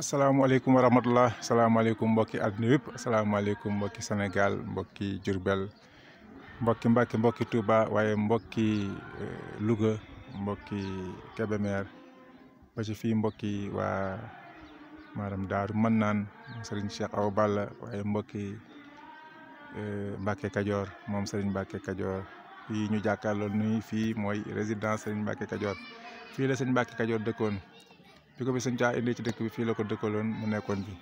asalaamaaleykum wa rahmatulah asalaamaaleykum mbokki àdduna yëpp asalaamaaleykum mbokki Sénégal mbokki Diourbel mbokki Mbàkke mbokki Touba waaye mbokki eh, Louga mbokki Kébémer ba ci fii mbokki waa maanaam Daaru Mannaan Serigne Cheikh Awa Balla waaye mbokki eh, Mbàkke Kajoor moom Serigne Mbàkke Kajoor fii ñu jàkkaarloo nuyu fii mooy résidence Serigne Mbàkke Kajoor fii le Serigne Mbàkke Kajoor dëkkoon. bi ko fi sëñ Tuubaa indi ci dëkk bi fii la ko dëkkaloon mu nekkoon bi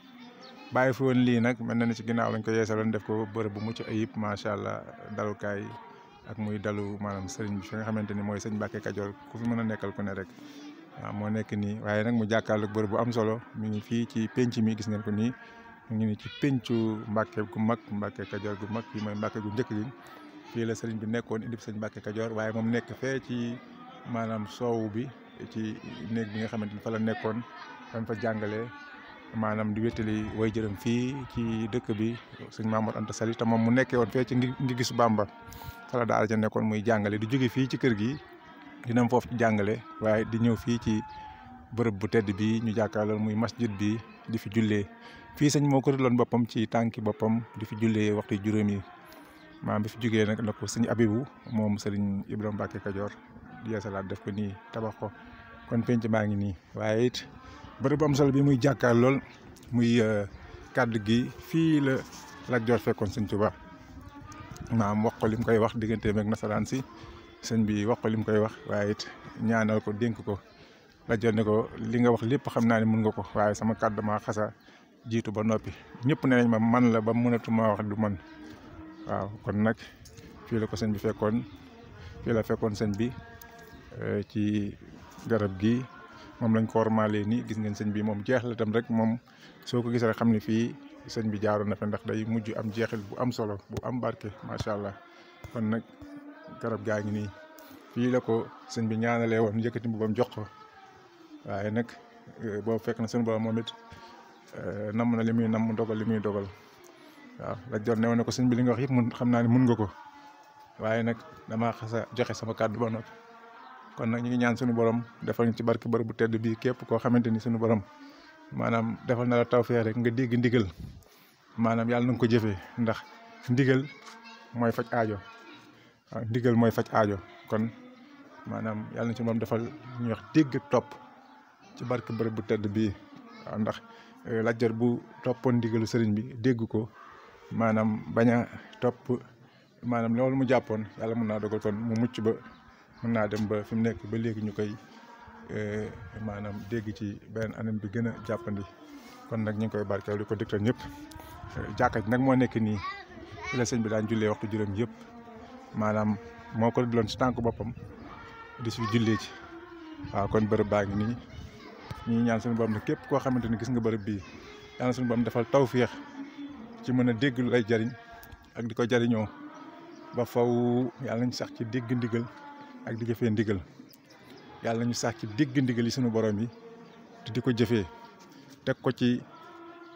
bàyyi fi woon lii nag mel na ni ci ginnaaw lañ ko yeesaloon def ko bërëb mucc ayib macha allah dalukaay ak muy dalu maanaam sëriñ bi fi nga xamante ni mooy sëñ Mbàkke Kajoor ku fi mën a nekkal ku ne rek waaw moo nekk nii waaye nag mu jàkkaarloog bërëb bu am solo mi ngi fii ci penc mi gis ngeen ko mu ngi ci pencu Mbàkke gu mag Mbàkke Kajoor gu mag fii mooy Mbàkke gu njëkk gi fii la sëriñ bi nekkoon indi sëñ Mbàkke Kajoor waaye moom nekk fee ci maanaam soow bi ci néeg bi nga xamante ni fa la nekkoon dañ fa jàngale maanaam di wéttali way jërëm fii ci dëkk bi sëñ Mamour Anta Sali te mu nekkee woon fee ci ngi gis Bamba fa la daara ja nekkoon muy jàngale di jóge fii ci kër gi dinam foofu jàngale waaye di ñëw fii ci bërëb bu tedd bi ñu jàkkaarloo muy masjid bi di fi jullee fii sëñ moo ko rëdloon boppam ci tànki boppam di fi jullee waxtu juróom yi maam bi fi jugee nag na ko sëñ Abibu moom sëriñ Ibrahima Mbacke Kajoor yeesalaat def ko nii tabax ko kon penc maa ngi nii waaye it bërëb am solo bi muy jàkkaar lool muy euh, kàdd gi fii la Lat Joor fekkoon sëñ Tuubaa maam wax ko lim koy wax digganteem na salaan si sëñ bi wax ko lim koy wax waaye it ñaanal ko dénk ko Lat Joor ko li nga wax lépp xam naa ne mun nga ko waaye sama kàddu maa xasa jiitu ba noppi ñëpp ne ma man la ba mënatuma wax du man waaw kon nag fii la ko sëñ bi fekkoon fii la fekkoon sëñ bi Euh, ci garab gi moom lañ ko warmaalee nii gis ngeen sëñ bi moom jeexle tam rek moom soo ko gisee rek xam ne fii sëñ bi jaaroon na fa ndax day mujj am jeexil bu am solo bu am barke macha allah kon nag garab gaa ngi nii fii la ko sëñ bi ñaanalee woon yëkkati mbubbam jox ko waaye nag euh, boobu fekk na sunu borom moom it euh, namm na li muy namm dogal li muy dogal waaw la jot ne woon ko sëñ bi li nga wax yëpp mun xam naa ne mun nga ko waaye nag damaa xasa joxe sama kàddu ba noppi kon nag ñu ngi ñaan suñu borom defal ñu ci barke bërëb bu tedd bii képp koo xamante sunu borom maanaam defal na la tawfeex rek nga dégg ndigal maanaam yàlla na ko jëfee ndax ndigal mooy faj ajo waaw mooy faj aajo kon maanaam yàlla na ci moom defal ñu wax dégg topp ci barke bërëb bu tedd bi waaw ndax euh, lajjar bu toppoon ndigalu sëriñ bi dégg ko maanaam bañ a topp maanaam loolu mu jàppoon yàlla mun naa dogal kon mu mucc ba mën naa dem ba fi mu nekk ba léegi ñu koy e, maanaam dégg ci beneen anam bi gën a jàppandi kon nag ñu ngi koy barkeel di ko dëgtal ñëpp e, jàkka ji nag moo nekk nii fi la sëñ bi daan jullee waxtu juróom yëpp maanaam moo ko duloon si tànk boppam di si jullee ci waaw kon bërëb baa ngi nii ñuy ñaan suñu borom ne képp koo xamante ni gis nga bërëb bii yàlla suñu borom defal tawféex ci mën a dégg lu lay jariñ ak di ko jariñoo ba faw yàlla nañ sax ci dégg ndigal ak di jëfee ndigal yàlla ñu sax ci dégg ndigal yi sunu boroom yi di ko jëfee teg ko ci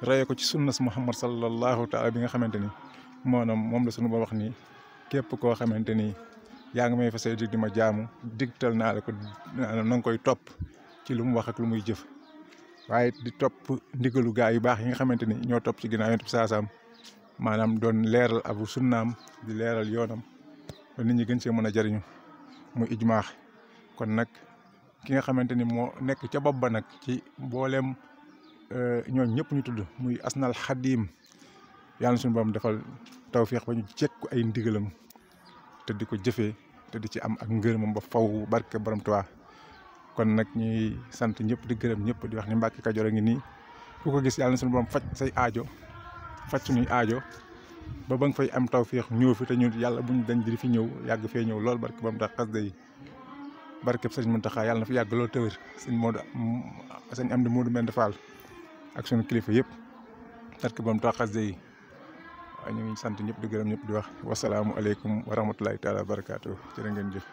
raye ko ci sunna sunnas muhammad sallallahu taala bi nga xamante ni maanaam moom la sunu ba wax nii képp koo xamante ni yaa ngi may fa di ma jaamu digtal naa la ko na nga koy topp ci lu mu wax ak lu muy jëf waaye di topp ndigalu gaa yu baax yi nga xamante ni ñoo topp ci ginnaaw yonent bi saasaam maanaam doon leeral abu sunnaam di leeral yoonam nit ñi gën see mën a jariñu muy ijmaax kon nag ki nga xamante ni moo nekk ca bopp ba nag ci mbooleem euh, ñoom ñëpp ñu tudd muy asnal xadim yàlla suñu borom defal tawféex ba ñu jekku ay ndigalam te di ko jëfe te di ci am ak ngërëmam ba faw barke borom Tuubaa kon nag ñuy sant ñëpp di gërëm ñëpp di wax ni Mbàkke Kajoor a ngi nii ku ko gis yàlla na suñu borom faj say aajo faj suñuy aajo ba ba nga fay am tawféex ñëw fi te ñu yàlla bu buñ dañ di fi ñëw yàgg fee ñëw lool barke ba mu tax xasida yi barkeb sëñ taxa yàlla na fi yàgg lool tëwër sëñ Modou sëñ Amdi Modou Mbend Fall ak sunu kilifa yëpp barke ba mu tax xasida yi ñu ngi sant ñëpp di gërëm ñëpp di wax wasalaamualeykum wa rahmatulahi taala wa barakaatu jërë ngeen jëf.